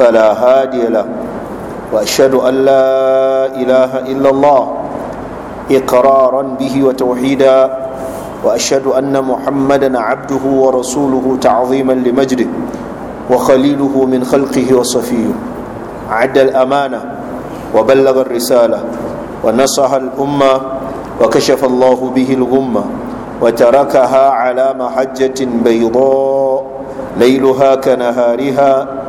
فلا هادي له واشهد ان لا اله الا الله اقرارا به وتوحيدا واشهد ان محمدا عبده ورسوله تعظيما لمجده وخليله من خلقه وصفيه عد الامانه وبلغ الرساله ونصح الامه وكشف الله به الغمه وتركها على محجه بيضاء ليلها كنهارها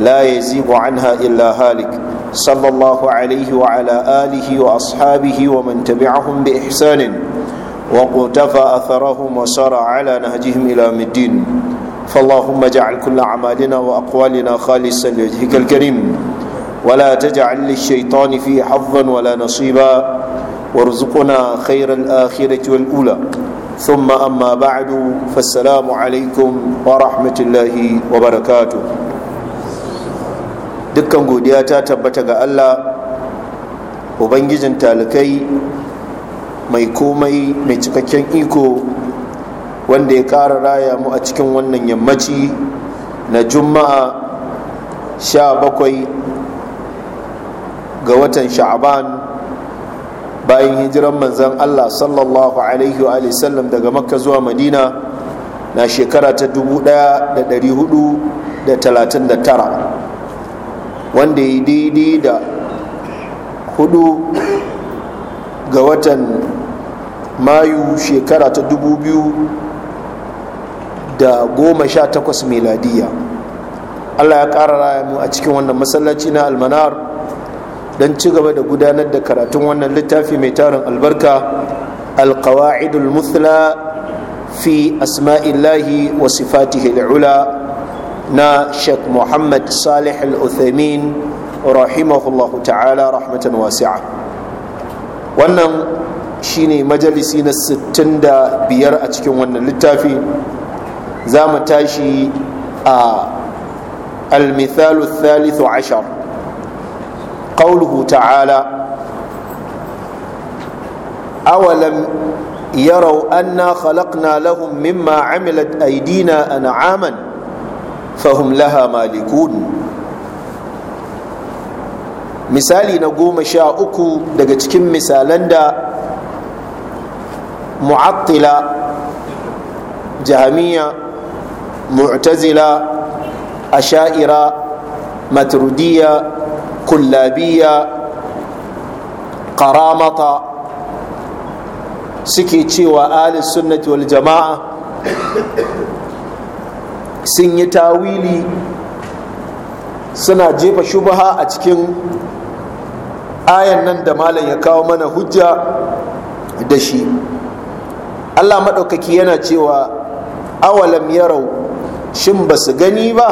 لا يزيغ عنها إلا هالك صلى الله عليه وعلى آله وأصحابه ومن تبعهم بإحسان وقتفى أثرهم وسار على نهجهم إلى الدين فاللهم اجعل كل أعمالنا وأقوالنا خالصا لوجهك الكريم ولا تجعل للشيطان فيه حظا ولا نصيبا وارزقنا خير الآخرة والأولى ثم أما بعد فالسلام عليكم ورحمة الله وبركاته dukkan godiya ta tabbata ga allah ubangijin talikai mai komai mai cikakken iko wanda ya ƙara raya mu a cikin wannan yammaci na juma'a sha bakwai ga watan sha'aban bayan hijiran manzan allah sallallahu alaihi wa sallam daga makka zuwa madina na shekara ta 1439 wanda ya yi daidai da hudu ga watan mayu shekara ta dubu biyu da goma sha takwas meladiya allah ya ƙara raya mu a cikin wannan masallaci na almanar don ci gaba da gudanar da karatun wannan littafi mai tarin albarka alkawa'idul muthla fi asma'illahi wa sifatihi ula na sheikh muhammad salih al-uthaymin rahimahullahu ta'ala rahmatan wasi'a wannan shine majalisi na 65 a cikin wannan littafi za mu tashi a al-mithalu thalithu ashar qawluhu ta'ala أولم يروا أنا خلقنا لهم مما عملت أيدينا أنعاما fahim laha malikun misali na goma sha uku daga cikin misalan da mu'attila jahamiya mu'tazila asha'ira matrudiya kullabiya karamata suke cewa alis sunnati wal jama'a sun yi tawili suna jefa shubaha a cikin ayan nan da malam ya kawo mana hujja da shi allah maɗaukaki yana cewa awalam yarau shin ba su gani ba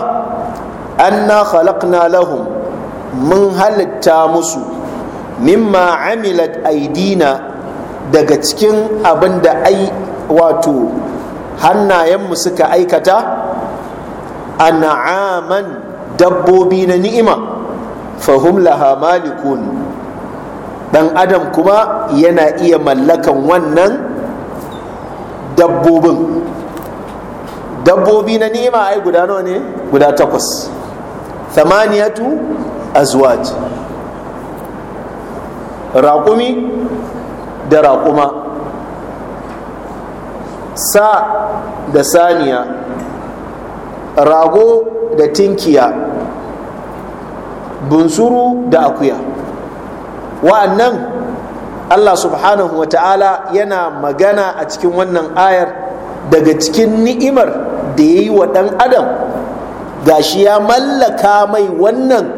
anna khalaqna lahum mun halitta musu mimma amilat aidina daga cikin abin da ai wato hannayenmu suka aikata an'aman dabbobi na ni'ima fahim laha malikun dan adam kuma yana iya mallakan wannan dabbobin dabbobi na ni'ima ai guda nawa ne guda takwas thamaniyatu azwaj raƙumi da raƙuma sa da saniya rago da tinkiya bunsuru da akuya wa'annan allah subhanahu wa ta'ala yana magana a cikin wannan ayar daga cikin ni'imar da ya yi wa ɗan adam Ga shi ya mallaka mai wannan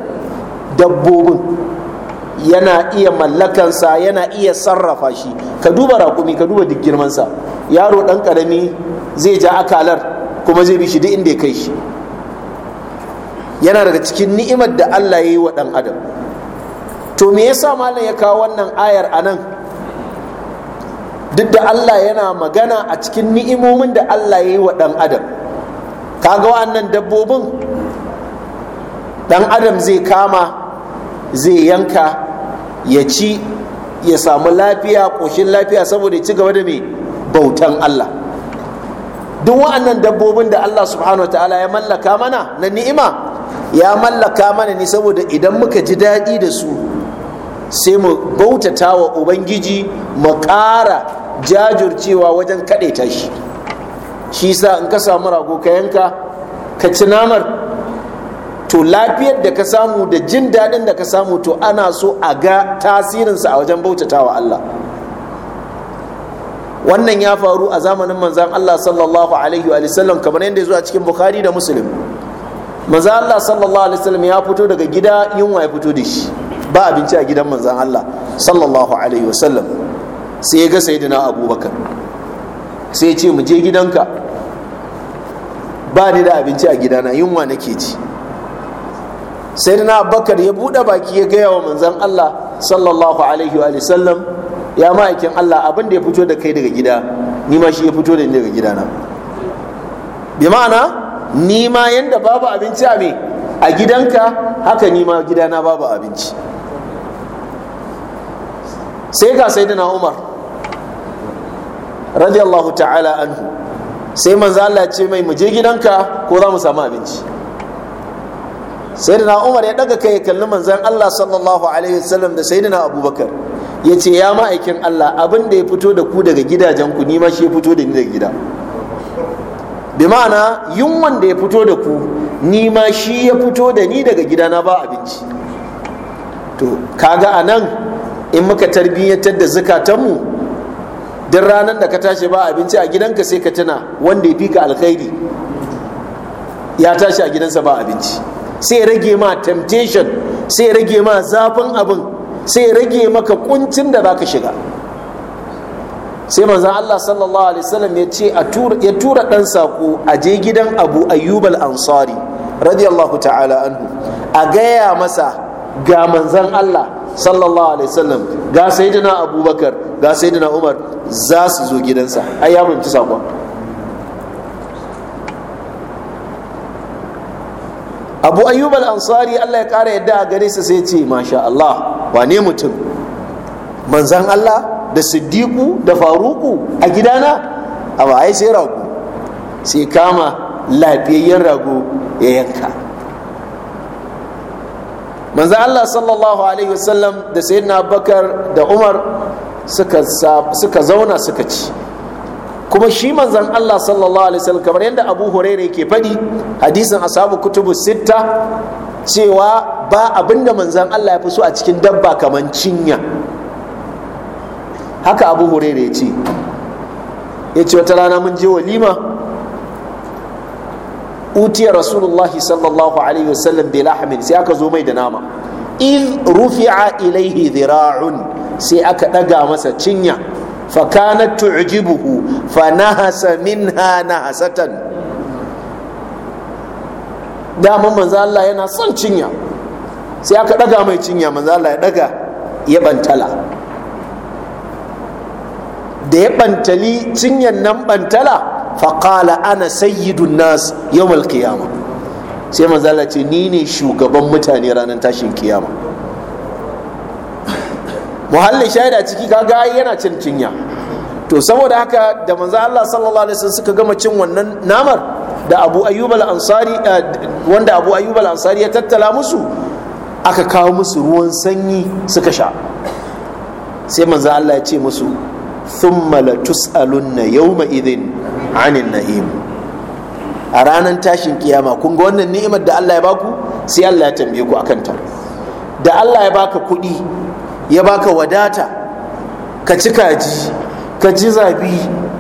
dabbobin yana iya mallakansa yana iya sarrafa shi ka duba rakumi ka duba duk girmansa yaro ɗan ƙarami zai ja akalar kuma zai bi shi duk inda ya kai shi yana daga cikin ni'imar da Allah ya yi wa ɗan adam to me yasa malam ya kawo wannan ayar a nan duk da Allah yana magana a cikin ni'imomin da Allah ya yi wa ɗan adam ka ga wannan dabbobin ɗan adam zai kama zai yanka ya ci ya samu lafiya ƙoshin lafiya saboda ya ci gaba da mai bautan Allah duk wa'annan dabbobin da Allah subhanahu wa ta'ala ya mallaka mana na ni'ima ya mallaka mana ni saboda idan muka ji daɗi da su sai mu bautata wa ubangiji mu ƙara jajircewa wajen kaɗaita shi shi sa in ka samu rago ka yanka ka ci namar to lafiyar da ka samu da jin daɗin da ka samu to ana so a ga tasirinsa a wajen bautata wa Allah wannan ya faru a zamanin manzan Allah sallallahu alaihi wa sallam kamar yadda zuwa cikin bukhari da muslim manzan Allah sallallahu alaihi wa sallam ya fito daga gida yunwa ya fito da shi ba abinci a gidan manzan Allah sallallahu alaihi wa sallam sai ya ga sayyidina abubakar sai ya ce mu je gidanka ba ni da abinci a gidana yunwa nake ji sayyidina abubakar ya buɗe baki ya gaya wa manzan Allah sallallahu alaihi wa sallam ya ma'aikin Allah abin da ya fito da kai daga gida ni ma shi ya fito da ni daga gidana bi ma'ana ni ma yanda babu abinci a me a gidanka haka ni ma gidana babu abinci sai ga sayyidina Umar radiyallahu ta'ala anhu sai manzo Allah ce mai mu je gidanka ko za mu samu abinci sayyidina Umar ya daga kai kallon kalli manzon Allah sallallahu alaihi wasallam da sayyidina Abubakar ya ce ya ma'aikin Allah abin da ya fito da ku daga gidajen ku nima shi ya fito da ni daga gida bi ma'ana yunwan da ya fito da ku nima shi ya fito da ni daga gida na ba abinci to kaga a nan in muka tarbiyyantar da zukatanmu duk ranar da ka tashi ba abinci a gidanka sai ka tuna wanda ya fi ka alkhairi ya tashi a gidansa ba abinci sai rage ma temptation sai rage ma zafin abin sai rage maka kuncin da za ka shiga sai manzan Allah sallallahu alaihi wasallam ya tura ya tura sako a je gidan Abu Ayyub ansari radiyallahu ta'ala anhu a gaya masa ga manzan Allah sallallahu alaihi wasallam ga saidina Abubakar ga saidina Umar za su zo gidansa ai ya mun ci sakon abu ayyub al-ansari Allah ya ƙara yadda a gare sa sai ce masha Allah wane mutum manzan Allah da siddiqu da faruku a gidana a ba ai sai rago sai kama lafiyayyen rago ya yanka manzan Allah sallallahu alaihi wasallam da sayyidina Bakar da Umar suka zauna suka ci kuma shi manzan Allah sallallahu alaihi wasallam kamar yadda Abu Hurairah yake faɗi hadisin asabu kutubu sitta cewa ba abinda manzan Allah ya fi so a cikin dabba kamar cinya haka Abu Hurairah ya ce ya ce wata rana mun je walima utiya rasulullahi sallallahu alaihi wasallam bi lahmin sai aka zo mai da nama il rufi'a ilaihi dhira'un sai aka daga masa cinya fa تعجبه فنهس منها نهسة minha من dama manzo yana son cinya sai aka من mai cinya manzo ya daga ya da ya bantali cinyan nan bantala faƙala ana sayyidun nas yawmal kiyama sai Manzala ce ni ne shugaban mutane ranar tashin kiyama muhallin shahid a ciki kaga yana cin cinya to saboda haka da manzo Allah sallallahu alaihi wasallam suka gama cin wannan namar da Abu Ayyub al-Ansari eh, wanda Abu Ayyub al-Ansari ya tattala musu aka kawo musu ruwan sanyi suka sha sai manzo Allah ya ce musu thumma tus'alunna yawma idhin 'anil na'im a ranar tashin kiyama kun ga wannan ni'imar da Allah ya baku sai Allah ya tambaye ku akan ta da Allah ya baka kuɗi ya baka wadata ka ci kaji ka ci zabi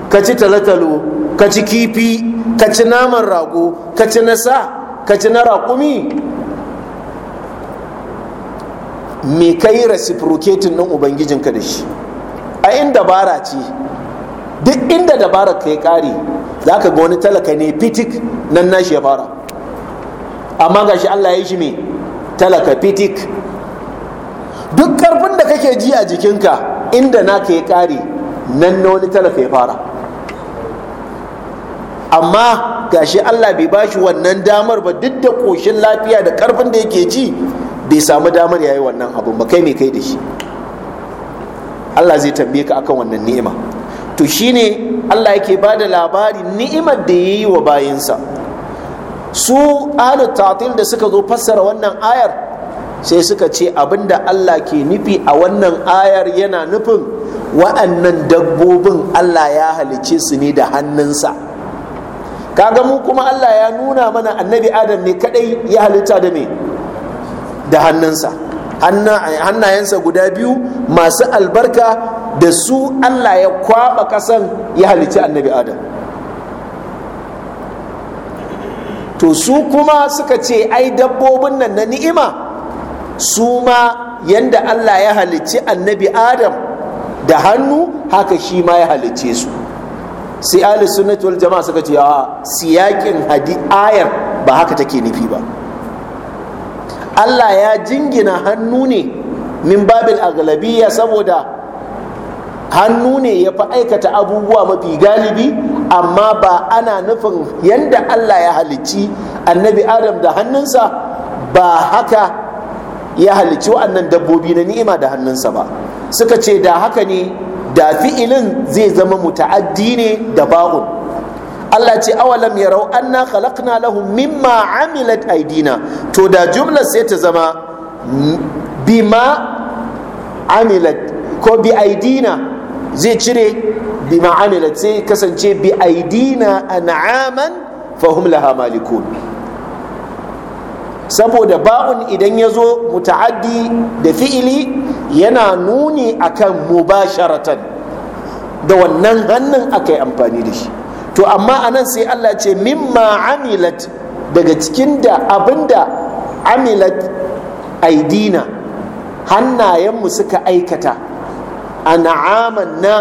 ka ci talotalo ka ci kifi ka ci naman rago ka ci nasa, ka ci na raƙumi me ka yi reciprocating ɗin ubangijinka da shi a in dabara ce duk inda dabara ka yi ƙari za ka ga wani talaka ne fitik nan nashi ya fara amma gashi allah ya yi shi me talaka fitik duk karfin da kake ji a jikinka inda naka yi ƙari, nan na wani talaka ya fara amma gashi Allah bai bashi wannan damar ba duk da ƙoshin lafiya da karfin da yake ji bai samu damar yayi wannan abun ba kai mai kai da shi Allah zai tambaye ka akan wannan ni'ima to shine Allah yake ba da labari ni'imar da ya yi wa bayinsa su ahlut ta'til da suka zo fassara wannan ayar sai suka ce abinda Allah ke nufi a wannan ayar yana nufin wa'annan dabbobin Allah ya halice su ne da hannunsa kaga mu kuma Allah ya nuna mana annabi Adam ne kadai ya halitta da me da hannunsa hannayensa guda biyu masu albarka da su Allah ya kwaba kasan ya halici annabi Adam to su kuma suka ce ai dabbobin nan na ni'ima su ma yadda Allah ya halicci annabi Adam da hannu haka shi ma ya halicce su sai ahli sunnati wal jama'a suka ce a siyakin hadi ayar ba haka take nufi ba Allah ya jingina hannu ne min babil aghlabiyya saboda hannu ne ya fi aikata abubuwa mafi galibi amma ba ana nufin yadda Allah ya halicci annabi Adam da hannunsa ba haka ya halicci wa'annan dabbobi na ni'ima da hannunsa ba suka ce da haka ne da fi'ilin zai zama muta'addi ne da ba'un Allah ce awalam an na khalaqna lahum mimma amilat aidina to da jumlar sai ta zama bima amilat ko bi aidina zai cire bima amilat sai kasance bi aidina an'aman fahum laha malikun saboda ba'un idan ya zo muta'addi da fi'ili yana nuni akan mubasharatan da wannan hannun aka yi amfani da shi to amma anan sai Allah ce mimma amilat daga cikin da abinda amilat aidina hannayenmu suka aikata an'aman na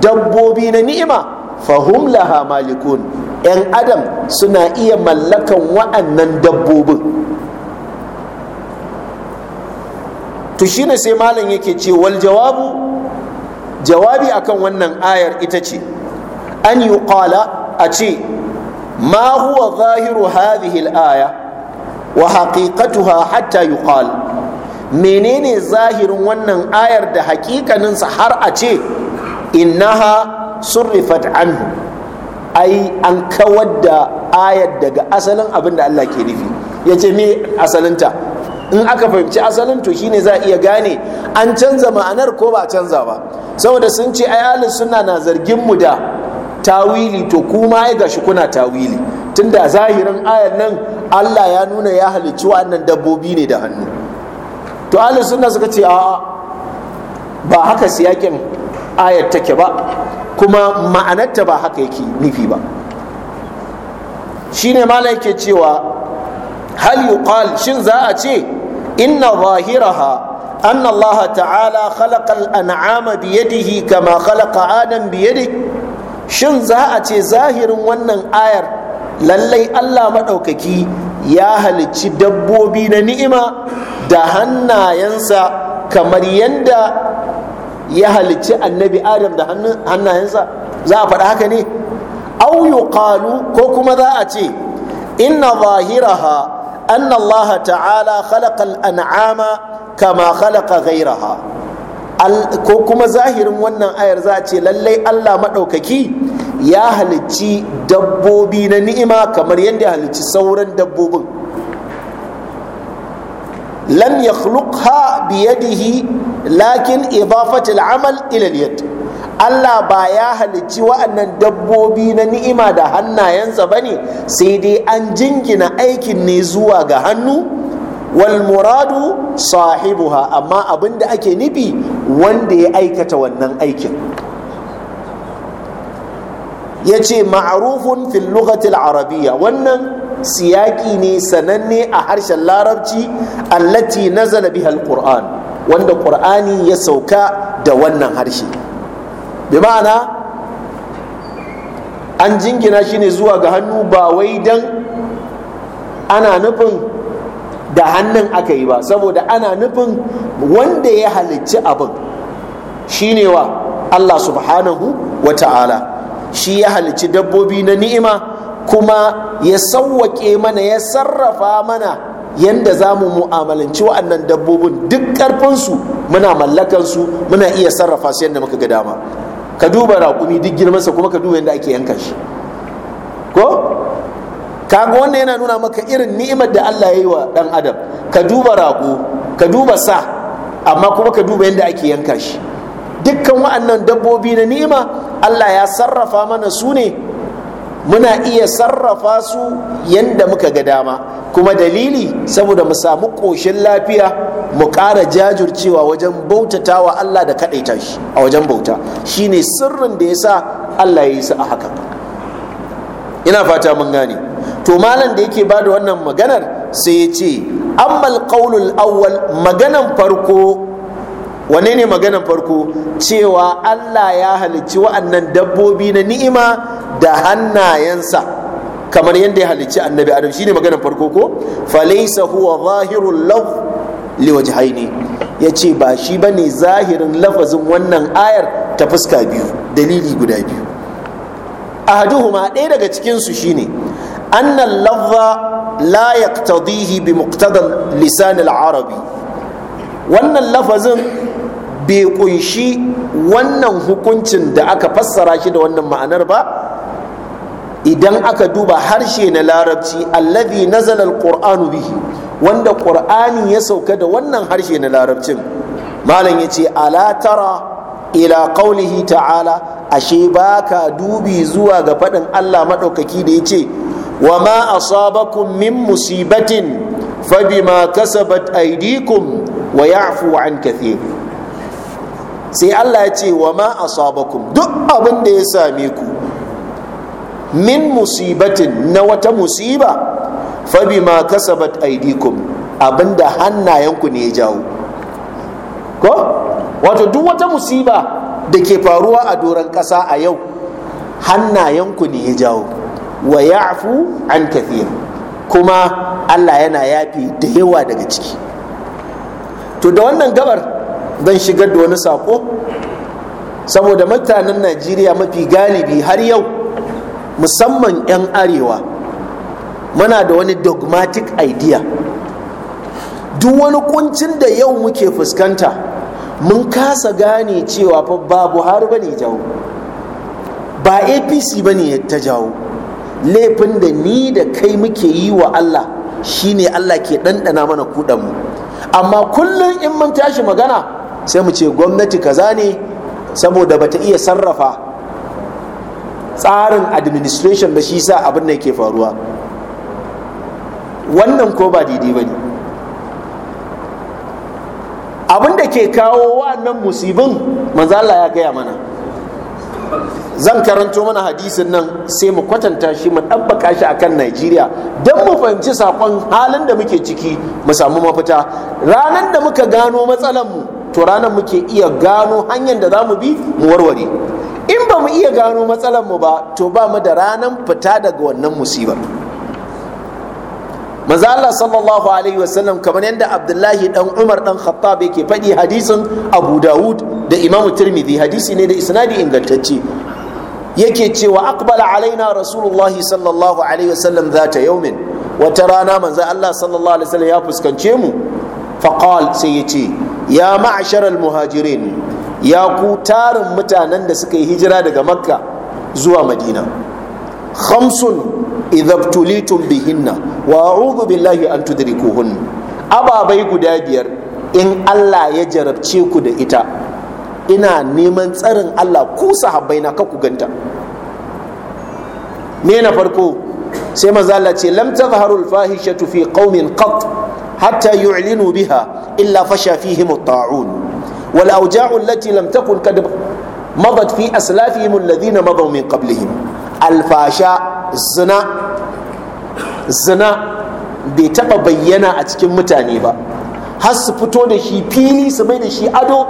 dabbobi na ni'ima fahum laha malikun 'yan adam suna iya mallakan wa'annan dabbobin to shine sai malam yake ce wal jawabu jawabi akan wannan ayar ita ce an yi kwala a ce ma huwa zahiru hadhihi al-aya wa haqiqatuha hatta yuqal menene zahirin wannan ayar da haƙiƙaninsa har a ce innaha surrifat anhu ai an kawar da ayar daga asalin abin da Allah ke nufi ya ce me asalinta in aka fahimci asalin to shine za a iya gane an canza ma'anar ko ba canza ba saboda sun ce ai ahlus sunna na zargin mu da tawili to kuma ai gashi kuna tawili tunda zahirin ayar nan Allah ya nuna ya halicci wa'annan dabbobi ne da hannu to ahlus sunna suka ce a'a ba haka siyakin ayar take ba kuma ma'anarta ba haka yake nufi ba shine mala yake cewa hal yuqal shin za a ce إن ظاهرها أن الله تعالى خلق الأنعام بيده Adam خلق آدم بيده shin za'a ce zahirin wannan ayar lallai allah maɗaukaki ya halicci dabbobi na ni'ima da hannayensa kamar yadda ya halicci annabi adam da hannayensa za a faɗa haka ne au yuqalu ko kuma za a ce inna zahiraha أن الله تعالى خلق الأنعام كما خلق غيرها ko kuma zahirin wannan ayar za a ce lallai allah maɗaukaki ya halicci dabbobi na ni'ima kamar yadda ya halicci sauran dabbobin lam yakhluqha biyadihi lakin idafatul amal ila yad Allah ba ya halicci wa'annan dabbobi na ni'ima da hannayensa ba ne sai dai an jingina aikin ne zuwa ga hannu wal muradu sahibuha amma abin da ake nufi wanda ya aikata wannan aikin ya ce ma'arufun fil lughatil arabiyya wannan siyaki ne sananne a harshen larabci allati nazala biha alquran wanda qur'ani ya sauka da wannan harshe bi ma'ana an jingina shi ne zuwa ga hannu ba wai dan ana nufin da hannun aka yi ba saboda ana nufin wanda ya halicci abin shi ne wa Allah subhanahu wa ta'ala shi ya halicci dabbobi na ni'ima kuma ya sauwaƙe mana ya sarrafa mana yadda za mu mu'amalanci waɗannan dabbobin duk ƙarfinsu muna mallakansu muna iya sarrafa su yadda muka ga dama ka duba raƙumi duk girmansa kuma ka duba yadda ake yanka shi ko kaga wannan yana nuna maka irin ni'imar da Allah ya yi wa ɗan adam ka duba raƙo, ka duba sa amma kuma ka duba yadda ake yanka shi dukkan wa'annan dabbobi na ni'ima Allah ya sarrafa mana su ne muna iya sarrafa su yadda muka ga dama kuma dalili saboda mu samu ƙoshin lafiya mu ƙara jajircewa wajen bautata wa Allah da kaɗaita shi a wajen bauta shine sirrin da ya sa Allah ya yi su a haka ina fata mun gane to malam da yake bada wannan maganar sai ya ce ammal qaulul awwal maganan farko Wanene ne maganan farko cewa allah ya halicci wa'annan dabbobi na ni'ima da hannayensa kamar yadda ya halicci annabi adam shine maganan farko ko falaisa huwa zahirul laf Ya ce ba shi bane zahirin lafazin wannan ayar ta fuska biyu dalili guda biyu ahaduhuma ɗaya daga cikin su shine annal lafza la yaqtadihi bi muqtada lisan al-arabi wannan lafazin bai kunshi wannan hukuncin da aka fassara shi da wannan ma'anar ba idan aka duba harshe na larabci allazi nazala alqur'anu bihi wanda qur'ani ya sauka da wannan harshe na larabcin malam yace ala tara ila qawlihi ta'ala ashe baka dubi zuwa ga fadin Allah madaukaki da yace wa ma asabakum min musibatin fabima kasabat aydikum wa ya'fu an kathir sai Allah ya ce wa ma asabakum duk abin da ya same ku min musibatin na wata musiba fa bima kasabat aidikum abinda hannayenku ne ya jawo ko wato duk wata musiba da ke faruwa a doron ƙasa a yau hannayenku ne ya jawo wa ya'fu an kathir kuma Allah yana yafi da yawa daga ciki to da wannan gabar don shigar da wani sako saboda mutanen najeriya mafi galibi har yau musamman 'yan arewa muna da wani dogmatic idea duk wani kuncin da yau muke fuskanta mun kasa gane cewa fa babu har ba ne jawo ba apc ba ne ta jawo laifin da ni da kai muke yi wa allah shine allah ke ɗanɗana mana kuɗanmu amma kullum in mun tashi magana sai mu ce gwamnati kaza ne saboda bata iya sarrafa tsarin administration ba shi sa abin da ke faruwa wannan ko ba daidai ba ne abin da ke kawo wa'annan musibin manzala ya gaya mana zan karanto mana hadisin nan sai mu kwatanta shi mu ɗabbaka shi a kan najeriya don mu fahimci saƙon halin da muke ciki mu samu mafita ranar da muka gano mu to ranar muke iya gano hanyar da za mu bi mu warware in ba mu iya gano matsalar mu ba to ba mu da ranar fita daga wannan musibar Maza Allah sallallahu alaihi wasallam kamar yadda Abdullahi dan Umar dan Khattab yake faɗi hadisin Abu Dawud da imamu Tirmidhi hadisi ne da isnadi ingantacce yake cewa aqbala alaina rasulullahi sallallahu alaihi wasallam zata yaumin wata rana manzo Allah sallallahu alaihi wasallam ya fuskance mu faqal sai yace ya ma'ashar al-muhajirin ya ku tarin mutanen da suka yi hijira daga makka zuwa madina khamsun idabtulitum bihinna wa a'udhu billahi an tudrikuhun ababai guda biyar in Allah ya jarabce ku da ita ina neman tsarin Allah ku sahabbai na ka ku ganta me na farko sai manzo Allah ce lam tazharu al-fahishatu fi qaumin qat hatta yu'linu biha illa fasha fihim at-ta'un wal awja'u allati lam takun kad madat fi aslafihim alladhina madaw min qablihim alfasha zina zina bai taɓa bayyana a cikin mutane ba har su fito da shi fili su bai da shi ado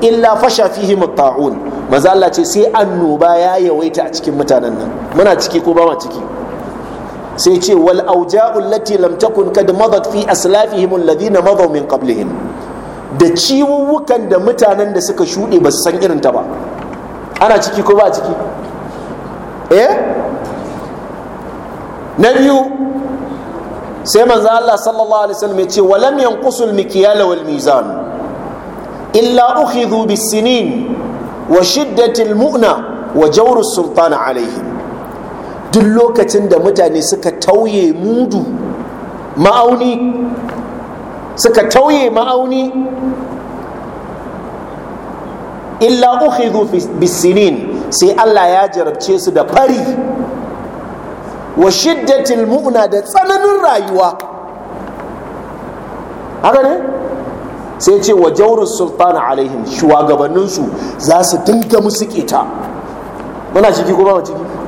illa fasha fihi mutta'un maza Allah ce sai annoba ya yawaita a cikin mutanen nan muna ciki ko ba ma ciki sai ce wal auja'u allati lam takun kad madat fi aslafihim alladhina madaw min qablihim da ciwuwukan da mutanen da suka shuɗe ba su san irin ta ba ana ciki ko ba ciki eh na biyu sai manzo Allah sallallahu alaihi wasallam ya ce walam yanqusu al wal mizan illa ukhidhu bis-sinin wa shiddati al-mu'na wa jawru as-sultan alaihim duk lokacin da mutane suka tauye mudu ma'auni suka tauye ma'auni illa ukhidhu bisinin sai Allah ya jarabce su da fari wa shiddatil mu'na da tsananin rayuwa haka ne sai ce wa jaurus sultana alaihim shugabanninsu za su dinga musu kita muna ciki ko ba ciki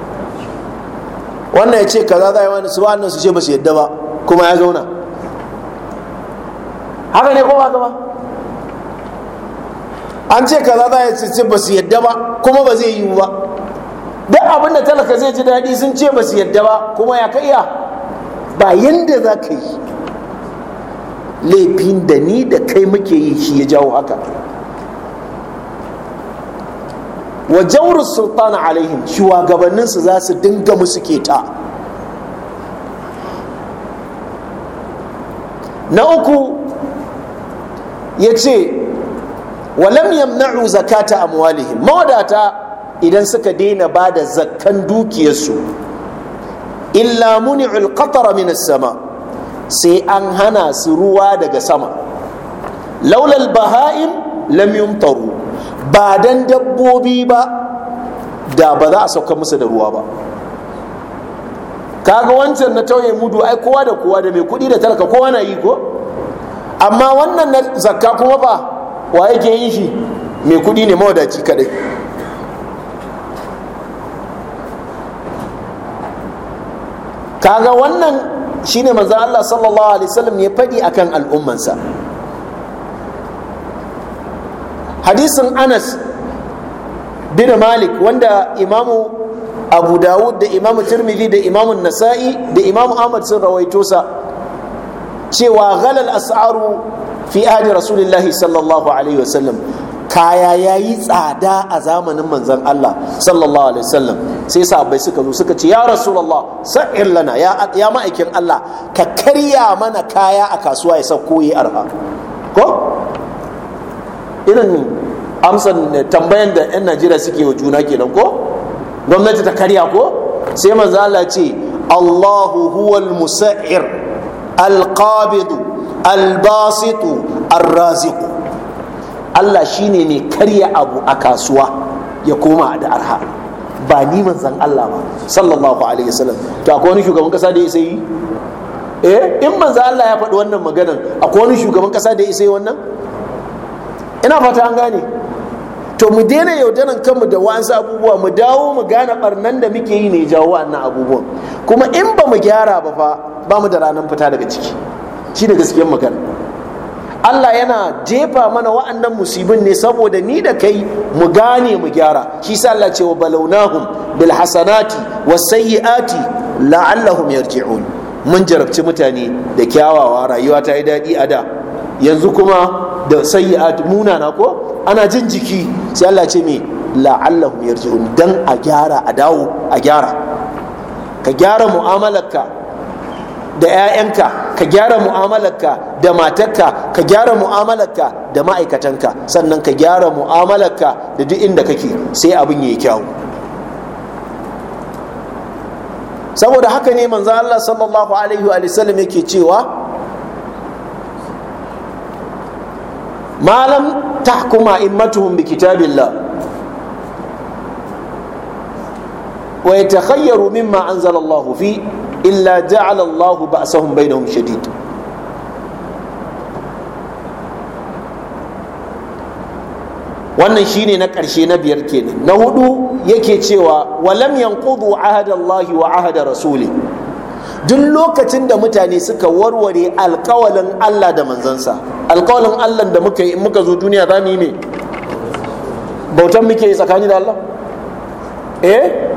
wannan ya ce kaza za a yi wani su wa'annan su ce ba su yadda ba kuma ya zauna haka ne ba ka ba an ce kaza za a yi ce ba su yadda ba kuma ba zai yiwu ba duk abin da talaka zai ji daɗi sun ce ba su yadda ba kuma ya ka iya ba yadda za ka yi laifin da ni da kai muke yi shi ya jawo haka wa jawru sultan alaihim shugabannin gabaninsu za su dinga musu keta na uku ya ce walam yamna'u zakata amwalihim mawadata idan suka daina ba da zakkan dukiyarsu illa muni'ul qatara min sama sai an hana su ruwa daga sama laulal baha'im lam yumtaru ba dan dabbobi ba da ba za a sauka musu da ruwa ba kaga wancan na tauye mudu ai kowa da kowa da mai kuɗi da talaka kowa na yi ko amma wannan na zakka kuma ba wa yake yin shi mai kuɗi ne mawadaci kadai kaga wannan shine manzan Allah sallallahu alaihi wasallam ya faɗi akan al'ummansa hadisin anas bin malik wanda imamu abu dawud da imamu tirmidhi da imamu nasa'i da imamu ahmad sun rawaito sa cewa ghalal as'aru fi ahdi rasulillahi sallallahu alaihi wasallam kaya ya yi tsada a zamanin manzan Allah sallallahu alaihi wasallam sai sahabbai suka zo suka ce ya rasulullah sa'ir lana ya, ya ma'aikin Allah ka karya mana kaya a kasuwa ya sauko yi arha ko irin amsa tambayan da 'yan najeriya suke wa juna kenan ko gwamnati ta karya ko sai manzo Allah ce Allahu huwal musa'ir al albasitu al-basit ar-raziq Allah shine mai karya abu a kasuwa ya koma da arha ba ni manzon Allah ba sallallahu alaihi wasallam to akwai wani shugaban kasa da ya sai eh in manzo Allah ya faɗi wannan maganan akwai wani shugaban kasa da ya sai wannan ina fata an gane to mu daina yaudaran kanmu da wasu abubuwa mu dawo mu gane barnan da muke yi ne jawo wannan abubuwan kuma in ba mu gyara ba fa ba mu da ranar fita daga ciki shi da gaskiyar magana Allah yana jefa mana wa'annan musibin ne saboda ni da kai mu gane mu gyara shi sa Allah ce wa balawnahum bil hasanati was sayyiati la'allahum yarji'un mun jarabci mutane da kyawawa rayuwa ta yi daɗi a da yanzu kuma da sayyi'at munana ko ana jin jiki sai Allah ce me la'allahum yarji'un dan a gyara a dawo a gyara ka gyara mu'amalarka da 'ya'yanka ka gyara mu'amalarka da matarka ka gyara mu'amalarka da ma'aikatanka sannan ka gyara mu'amalarka da duk inda kake sai abin yayi kyau saboda haka ne manzo Allah sallallahu alaihi wa sallam yake cewa malam tahkuma immatuhum bi kitabillah wa yatakhayyaru mimma anzala Allah fi illa ja'ala Allah ba'sahum bainahum shadid wannan shine na karshe na biyar kenan na hudu yake cewa walam yanqudu ahada Allah wa ahada rasuli duk lokacin da mutane suka warware alkawalin Allah da manzansa alƙawalin allah da muka yi in muka zo duniya za mu yi me bautan muke yi tsakani da allah eh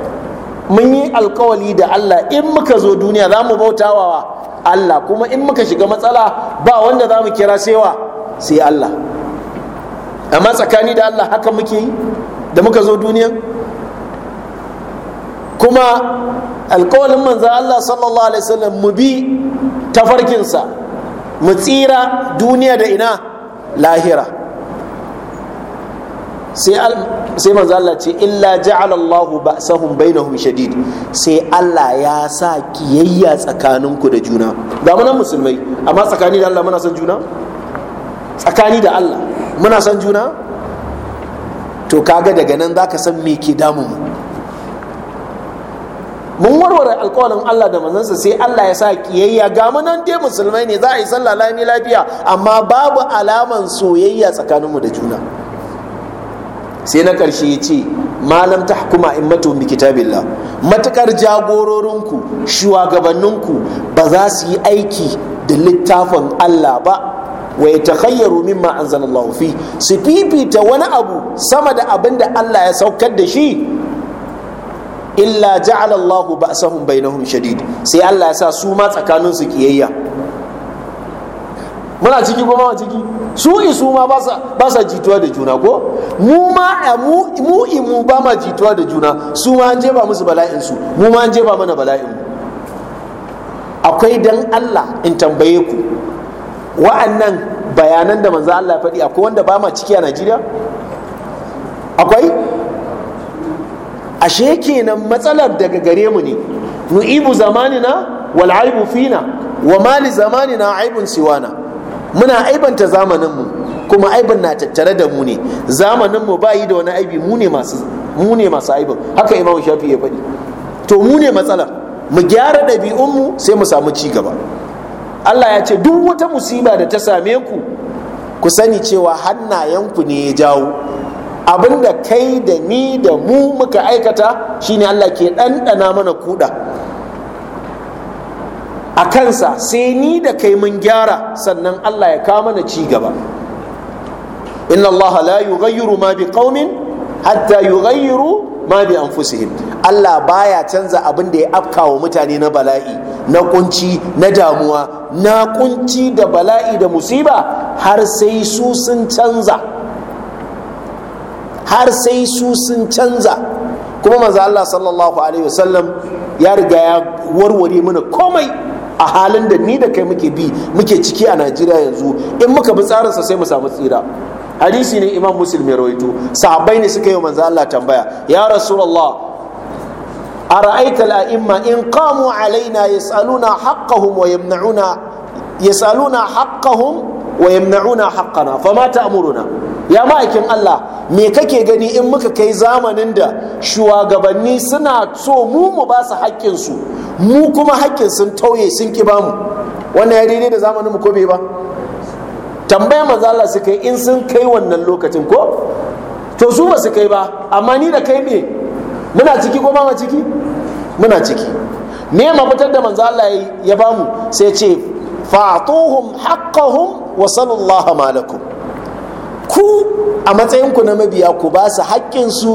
mun yi alƙawali da allah in muka zo duniya za mu bauta wa allah kuma in muka shiga matsala ba wanda za mu kira sewa sai allah amma tsakani da allah haka muke yi da muka zo duniya kuma alƙawalin manzan allah sallallahu alaihi wasallam mu bi tafarkinsa mu tsira duniya da ina lahira sai manzo Allah ce illa ja'ala Allah ba'sahum bainahum shadid sai Allah ya sa kiyayya tsakaninku da juna ga munan musulmai amma tsakani da Allah muna son juna tsakani da Allah muna son juna to kaga daga nan zaka san me ke damu mu mun warware alƙawarin Allah da manzansa sai Allah ya sa kiyayya ga nan dai musulmai ne za a yi sallah lami lafiya amma babu alaman soyayya tsakaninmu da juna sai na karshe ya ce malam ta hukuma in mato bi kitabillah matukar jagororinku shugabanninku ba za su yi aiki da littafin Allah ba wa ya takhayyaru mimma anzalallahu fi su fifita wani abu sama da abin da Allah ya saukar da shi illa ja'ala Allah ba'sahum bainahum shadid sai Allah ya sa su ma tsakanin su kiyayya muna ciki ko ma ciki su isu ma ba sa jituwa da juna ko mu ma mu mu mu ba ma jituwa da juna su ma an jefa musu bala'in su mu ma an ba mana bala'in akwai dan Allah in tambaye ku wa'annan bayanan da manzo Allah ya faɗi akwai wanda ba ma ciki a Najeriya akwai ashe kenan matsalar daga gare mu ne nu'ibu zamanina wal aibu fina wa mali zamanina aibun siwana muna aibanta zamanin mu kuma aibin na tattare da mu ne zamanin mu bayi da wani aibi mu ne masu mu ne masu aibin haka imam shafi ya faɗi to mu ne matsalar mu gyara ɗabi'unmu sai mu samu ci gaba Allah ya ce duk wata musiba da ta same ku ku sani cewa hannayenku ne ya jawo Abin da kai da ni da mu muka aikata shine Allah ke ɗanɗana mana kuɗa a kansa sai ni da kai mun gyara sannan Allah ya kawo mana ci gaba inna Allah la yughayyiru ma bi qaumin hatta yughayyiru ma bi anfusihim Allah baya canza abin da ya afkawa mutane na bala'i na kunci na damuwa na kunci da bala'i da musiba har sai su sun canza har sai su sun canza kuma manzo Allah sallallahu alaihi wasallam ya riga ya warware mana komai a halin da ni da kai muke bi muke ciki a Najeriya yanzu in muka bi tsarinsa sai mu samu tsira hadisi ne imam muslim ya rawaito sahabbai ne suka yi Manzala manzo Allah tambaya ya rasulullah ara'aita al-a'imma in qamu alaina yas'aluna haqqahum wa yamna'una yas'aluna haqqahum wa yamna'una haqqana fama ta'muruna ya ma'aikin Allah me kake gani in muka kai zamanin da shugabanni suna so mu mu ba su haƙƙinsu mu kuma haƙƙin sun tauye sun ba bamu wannan ya daidai da zamanin mu ko bai ba tambaya maza Allah su kai in sun kai wannan lokacin ko to su ba su kai ba amma ni da kai me muna ciki ko ba ciki muna ciki me fitar da manzo Allah ya mu sai ce fa'tuhum haqqahum wa sallallahu malakum ku a matsayinku na mabiya ku ba su haƙƙinsu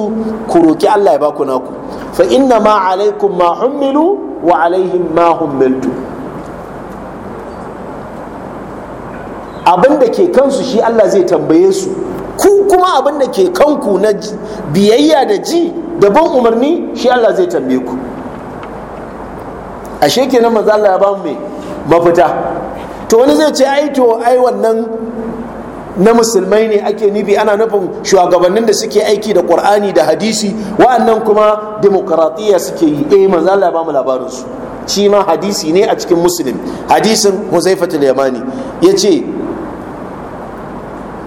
ku roƙi Allah ya baku naku fa inna ma alaikum ma hummilu wa alaihim ma hummiltu abinda ke kansu shi Allah zai tambaye su ku kuma abinda ke kanku na biyayya da ji da ban umarni shi Allah zai tambaye ku ashe kenan manzo Allah ya ba mu mafita to wani zai ce ai to ai wannan na musulmai ne ake nufi ana nufin shugabannin da suke aiki da qur'ani da hadisi wa'annan kuma demokratiya suke yi E, manzo Allah ba mu labarin su shi ma hadisi ne a cikin muslim hadisin huzaifatul yamani yace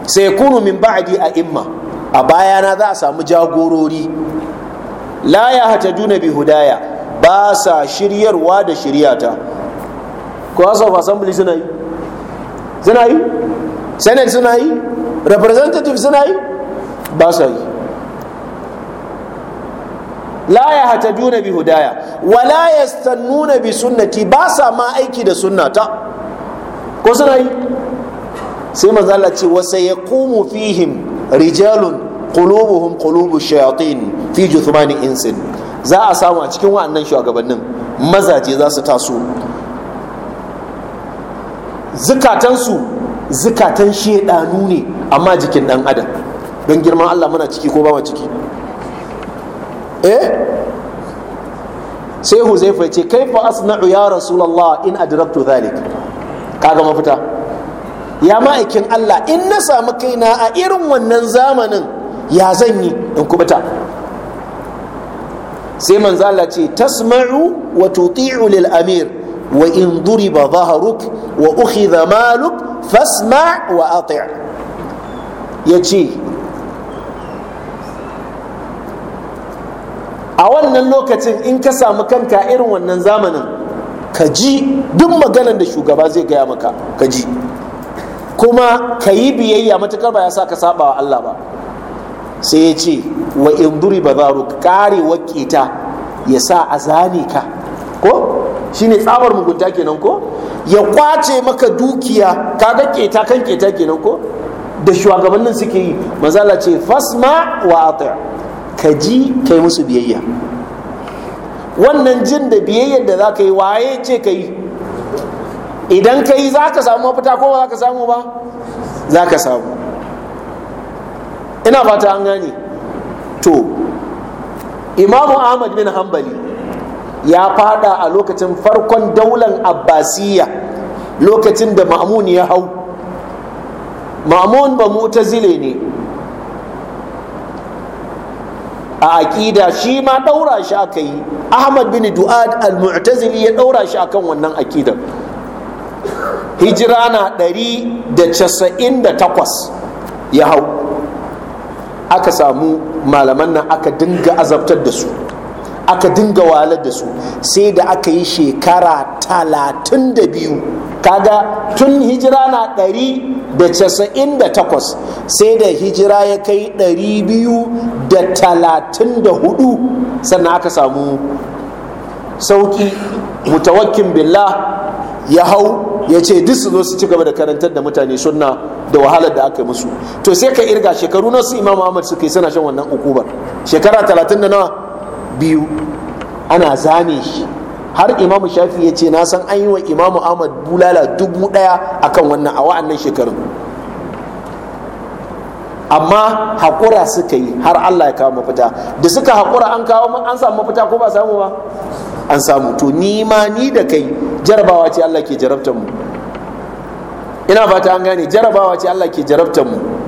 sayakunu min ba'di a imma a bayana za a samu jagorori la ya hatajuna bi hudaya ba sa shiryarwa da shiryata ko asofa assembly suna yi senate suna yi representative suna yi ba su yi la ya hata juna bi hudaya wa la ya stannuna bi sunnati ba sa ma aiki da sunnata ko suna yi sai mazala Allah ce ya kumu fihim rijalun kulubuhun kulubu shayatin fi juthmani insin za a samu a cikin wa'annan shugabannin mazaje za su taso zukatansu zukatan shedanu ne amma jikin dan adam don girman Allah muna ciki ko ba ma ciki eh sai huzaifa ya ce fa asna'u ya rasulullah in adraktu dhalik kaga mafita ya ma'aikin Allah in na samu kaina a irin wannan zamanin ya zan yi in kubuta sai manzo Allah ce tasma'u wa tuti'u lil amir wa in duriba dhahruk wa ukhidha maluk fasma wa ati' ya ce a wannan lokacin in ka samu kanka irin wannan zamanin ka ji duk maganar da shugaba zai gaya maka ka ji kuma ka yi biyayya matukar ba ya sa ka saba wa Allah ba sai ya ce wa in duri ba zaru kare wakita ya sa a zane ka ko shine tsabar mugunta kenan ko ya kwace maka dukiya kaga keta kan keta kenan ko da shugabannin suke yi mazala ce fasma wa ati ka ji kai musu biyayya wannan jin da biyayyar da za ka yi waye ce ka yi idan ka yi za ka samu mafita ko ba za ka samu ba za ka samu ina fata an gane to imamu ahmad bin Hambali. ya fada a lokacin farkon daular abbasiyya lokacin da ma'amun ya hau ma'amun ba zile ne a aƙida shi ma ɗaura shi aka yi ahmad bin du'ad al-mu'tazili ya ɗaura shi akan wannan aƙidar hijira na 198 ya hau aka samu malaman nan aka dinga azabtar da su aka dinga walar da su sai da aka yi shekara talatin da biyu kaga tun hijira na ɗari da casa'in da takwas sai da hijira ya kai ɗari biyu da talatin da hudu sannan aka samu sauki mutawakkin billa. ya hau ya ce duk su zo su ci gaba da karantar da mutane sunna da wahalar da aka musu to sai ka irga shekaru na su imam ahmad su kai suna shan wannan ukubar shekara talatin da nawa biyu ana zane shi har imamu shafi ya ce na san an yi wa imamu ahmad bulala dubu daya akan wannan a wa'annan shekarun amma haƙura suka yi har allah ya kawo mafita da suka haƙura an kawo an samu mafita ko ba samu ba an samu to ni ma ni da kai jarabawa ce allah ke jarabtar mu ina fata an gane jarabawa ce allah ke jarabtar mu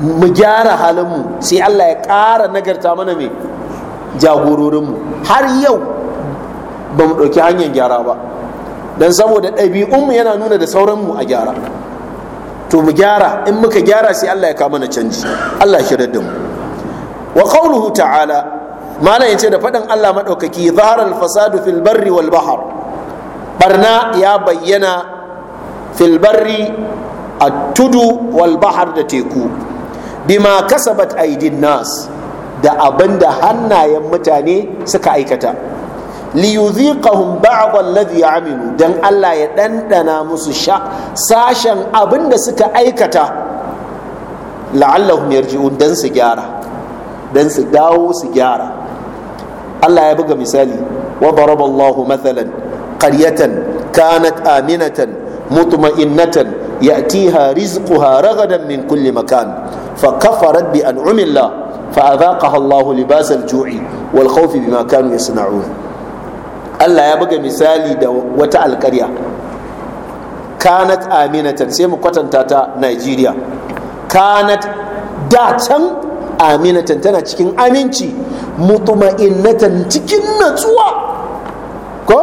mu gyara halinmu sai Allah ya ƙara nagarta mana mai jagororinmu har yau ba mu ɗauki hanyar gyara ba don saboda ɗabi'unmu yana nuna da sauranmu a gyara to mu gyara in muka gyara sai Allah ya kama mana canji Allah shirar da mu wa qawluhu ta'ala malam yace da faɗin Allah maɗaukaki zahara al-fasadu fil barri wal bahr barna ya bayyana fil barri a tudu wal bahar da teku bima kasabat aidin nas da abin da hannayen mutane suka aikata liyuziqahum ba'd alladhi amilu dan Allah ya dandana musu sashen abin da suka aikata la'allahum yarji'un dan su gyara dan su dawo su gyara Allah ya buga misali wa daraba karyatan mathalan qaryatan kanat aminatan mutuma'innatan yatiha rizquha ragadan min kulli makan fa kafarat bi an umilla fa azaqaha Allah libasa al ju'i wal khawf bima kanu Allah ya buga misali da wata alqarya kanat aminatan sai mu kwatanta ta Najeriya, kanat da can aminatan tana cikin aminci mutuma'innatan cikin natsuwa ko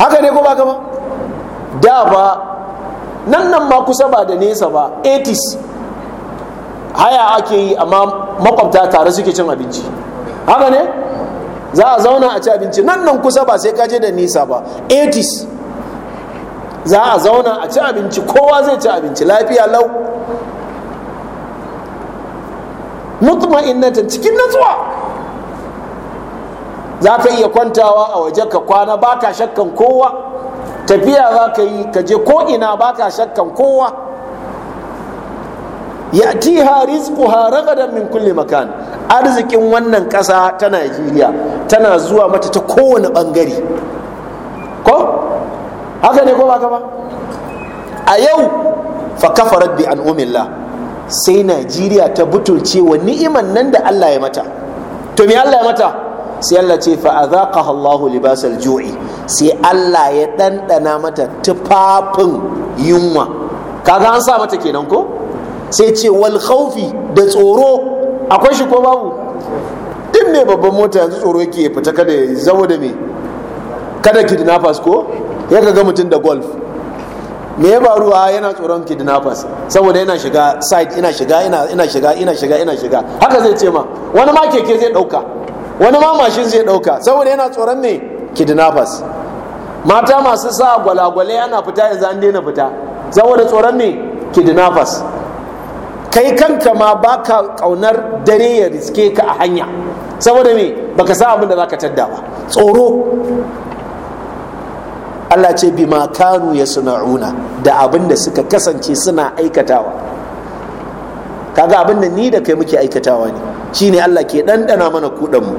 haka ne ko ba ka da ba nan nan ma kusa ba da nesa ba 80s haya ake yi amma makwabta tare suke cin abinci haka ne za a zauna a ci abinci nan nan kusa ba sai kaje da nisa ba 80s za a zauna a ci abinci kowa zai ci abinci lafiya lau mutma'innatan cikin natsuwa za ka iya kwantawa a waje ka kwana ba ka shakkan kowa tafiya za ka yi ka je ko'ina ba ka shakkan kowa ya ku rizquha ragadan min kulle makan arzikin wannan ƙasa ta najeriya tana zuwa mata ta kowane ɓangare ko haka ne ko baka ba a yau fa kafarat bi umilla. sai najeriya ta butulce wa ni'iman nan da allah ya mata to me allah ya mata sai allah ce fa azaqaha allah libasar ju'i sai Allah ya ɗanɗana mata tufafin yunwa kaga an sa mata kenan ko sai ce wal khawfi da tsoro akwai shi ko babu din mai babban mota yanzu tsoro yake fita kada ya zama da me kada kidnappers ko ya ga mutum da golf me ya faru a yana tsoron kidnappers saboda yana shiga side ina shiga ina ina shiga ina shiga ina shiga haka zai ce ma wani ma keke zai dauka wani ma mashin zai dauka saboda yana tsoron me kidnappers mata masu sa gwalagwale ana fita yanzu an daina fita saboda tsoron me kidnappers kai kanka ma baka kaunar dare ya riske ka a hanya saboda me baka sa abin da zaka tadda ba tsoro Allah ce ma kanu ya suna'una da abin da suka kasance suna aikatawa kaga abin da ni da kai muke aikatawa ne shine Allah ke ɗanɗana mana mu.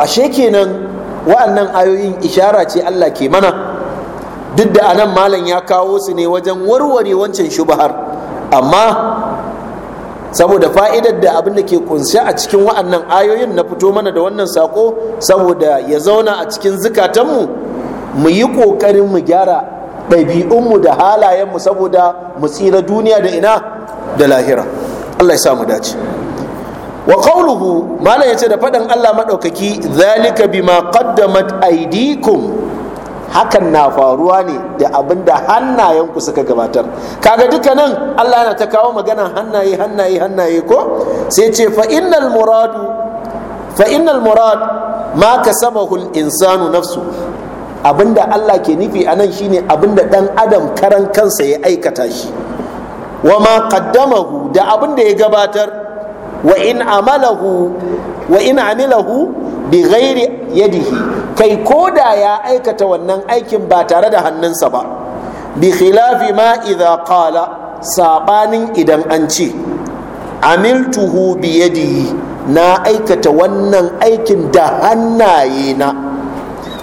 ashe kenan wa'annan ayoyin ishara ce Allah ke mana duk da anan malam ya kawo su ne wajen warware wancan shubahar amma saboda fa'idar da abin da ke kunshe a cikin wa'annan ayoyin na fito mana da wannan sako saboda ya zauna a cikin zukatanmu mu yi ƙoƙarin mu gyara ɗabi'unmu da halayenmu saboda mu tsira duniya da ina da lahira Allah ya sa mu dace wa qawluhu malam yace da faɗan Allah maɗaukaki zalika bima qaddamat aydikum hakan na faruwa ne da abin da hannayenku suka gabatar kaga dukkanin Allah yana ta kawo maganan hannaye hannaye hannaye ko sai ce fa innal muradu fa innal murad ma kasabahu al insanu nafsu abinda Allah ke nufi anan shine abinda dan adam karan kansa ya aikata shi wa ma qaddamahu da abin da ya gabatar wa in amalahu wa in amilahu bi ghairi yadihi kai koda ya aikata wannan aikin ba tare da hannunsa ba bi khilafi ma idza qala sabanin idan an ce amiltuhu bi yadihi na aikata wannan aikin da hannaye na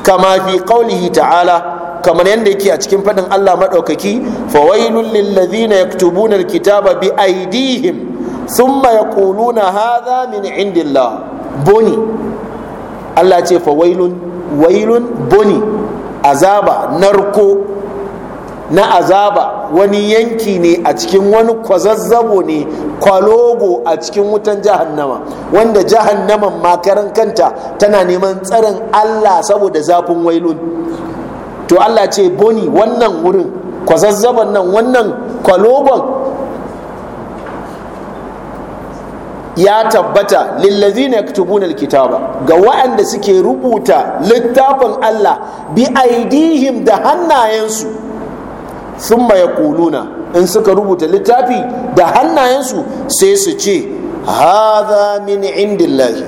kama fi qaulihi ta'ala kamar yadda yake a cikin faɗin Allah maɗaukaki fawailul lil ladhina yaktubuna alkitaba bi aidihim summa yaquluna hadha min indillah boni Allah ce fa wailun wailun boni azaba narko na azaba wani yanki ne a cikin wani kwazazzabo ne kwalogo a cikin wutan jahannama wanda jahannaman makaran kanta tana neman tsarin Allah saboda zafin wailun to Allah ce boni wannan wurin kwazazzabon nan wannan kwalogon ya tabbata lillazina yaktubuna alkitaba ga waɗanda suke rubuta littafin Allah bi aidihim da hannayensu thumma yaquluna in suka rubuta littafi da hannayensu sai su ce hadha min indillahi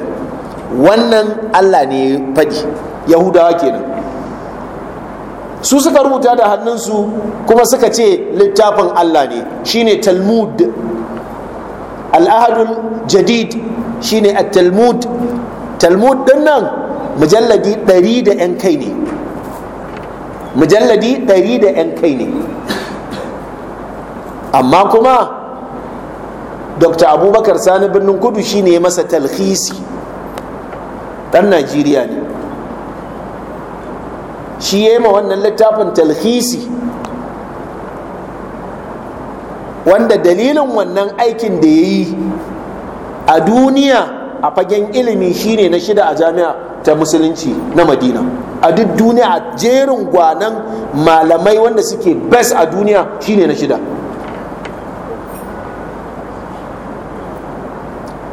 wannan Allah ne fadi yahudawa kenan su suka rubuta da hannunsu kuma suka ce littafin Allah ne shine talmud al'ahadul jadid shine a talmud talmud din nan mujalladi ɗari da 'yan kai ne mujalladi ɗari da 'yan kai ne amma kuma dr abubakar sani birnin kudu shine ya masa talhisi ɗan najeriya ne shi ya yi ma wannan littafin talhisi wanda dalilin wannan aikin da ya yi a duniya a fagen ilimi shine na shida a jami'a ta musulunci na madina a duk duniya a jerin gwanan malamai wanda suke best a duniya shine na shida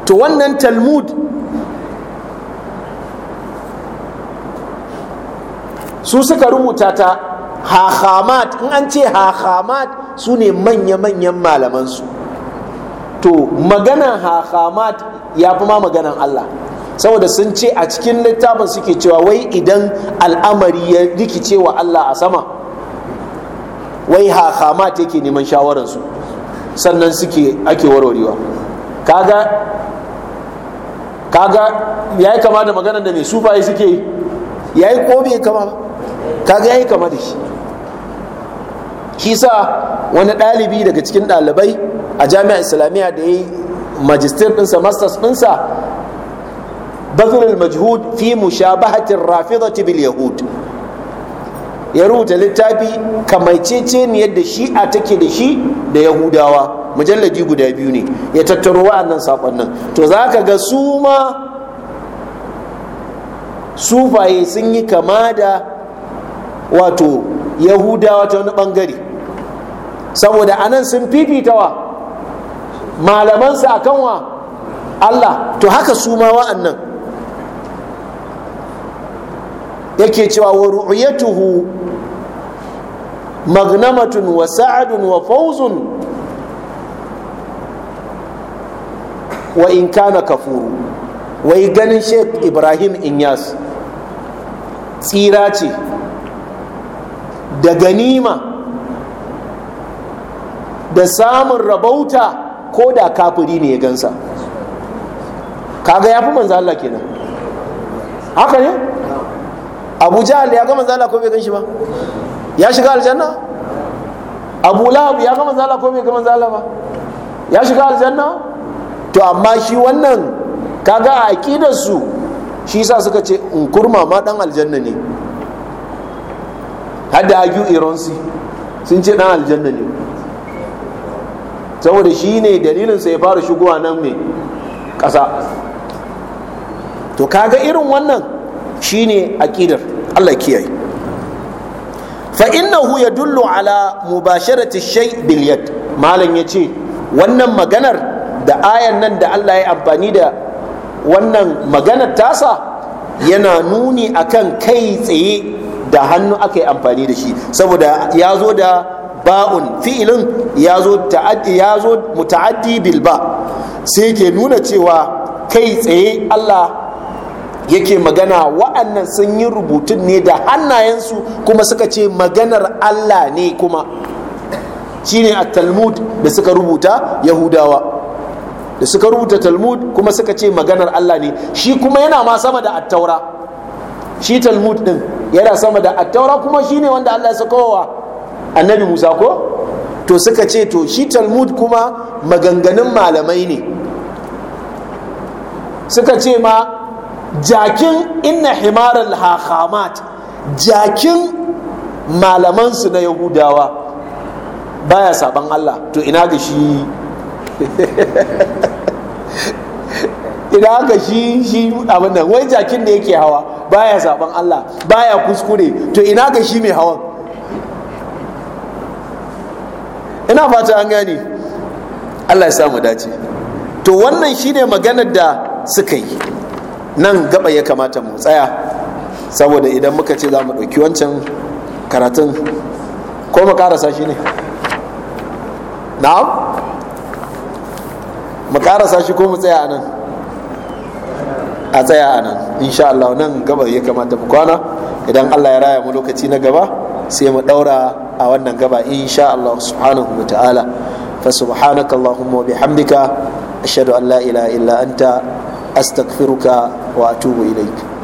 to wannan talmud su suka rubuta ta hahamat in an ce hahamat su ne manya-manyan malamansu to maganan hahamat ya fi ma maganan Allah saboda sun ce a cikin littafin suke cewa wai idan al'amari ya rikice wa Allah a sama wai hahamat yake neman shawararsu sannan suke ake warwarewa kaga kaga ya yi kama da maganan da mai sufaye suke yi ya yi ko kama kaga ya yi kama da shi kisa wani ɗalibi daga cikin ɗalibai a jami'a islamiyya da ya yi majistir ɗinsa masters ɗinsa bazulul majhud fi mushabahatin rafidati bil yahud ya rubuta littafi kamaicece ne yadda shi'a take da shi da yahudawa mujalladi guda biyu ne ya tattaro wa'annan sakonnin to za ka ga su ma sufaye sun yi kama da wato yahudawa ta wani ɓangare? saboda anan sun fifita wa malamansu a kanwa Allah to haka su ma wa'annan yake cewa wa ru'yatuhu magnamatun wa sa'adun wa fawzun wa in kana kafuru wai ganin sheikh ibrahim inyas tsira ce da ganima da samun rabauta ko da kafiri ne ya gansa kaga ya fi manzo Allah kenan haka ne abu jahal ya ga manzo Allah ko bai ganshi ba ya shiga aljanna abu lahab ya ga manzo Allah ko bai ga manzo Allah ba ya shiga aljanna to amma shi wannan kaga a aqidar su shi yasa suka ce in kurma ma dan aljanna ne hadda agu iransi sun ce dan aljanna ne saboda shi ne dalilinsa ya fara shigowa nan mai ƙasa to kaga irin wannan shi ne aƙidar allah kiyaye fa'innahu ya dullo ala mubasharati shai biliyat malam ya ce wannan maganar da ayan nan da allah ya amfani da wannan maganar tasa yana nuni akan kai tsaye da hannu aka yi amfani da shi saboda ya zo da ba'un fi'ilin ya zo muta'addi bil ba sai ke nuna cewa kai tsaye Allah yake magana wa'annan sun yi rubutun ne da hannayensu kuma suka ce maganar Allah ne kuma shine a talmud da suka rubuta yahudawa da suka rubuta talmud kuma suka ce maganar Allah ne shi kuma yana ma sama da attaura shi talmud din yana sama da attaura kuma shine wanda Allah ya wa. annabi musa ko to suka ce to shi talmud kuma maganganun malamai ne suka ce ma jakin inna himaral hakamat jakin malamansu na yahudawa baya saban allah to ina ga shi ina ga shi shi abin nan wai jakin da yake hawa baya saban Allah baya kuskure to ina ga shi mai hawan ina fata an gane allah ya samu dace to wannan shine maganar da suka yi nan gaba ya kamata mu tsaya saboda idan muka ce za mu ɗauki wancan karatun ko mu karasa shi ne na'am mu karasa shi ko mu tsaya anan? nan a tsaya a nan insha Allah nan gaba ya kamata mu kwana idan Allah ya raya mu lokaci na gaba sai mu ɗaura a wannan gaba insha Allah subhanahu wa ta'ala fa subhanaka allahumma wa bihamdika ashhadu an la ilaha illa anta astaghfiruka wa atubu ilaik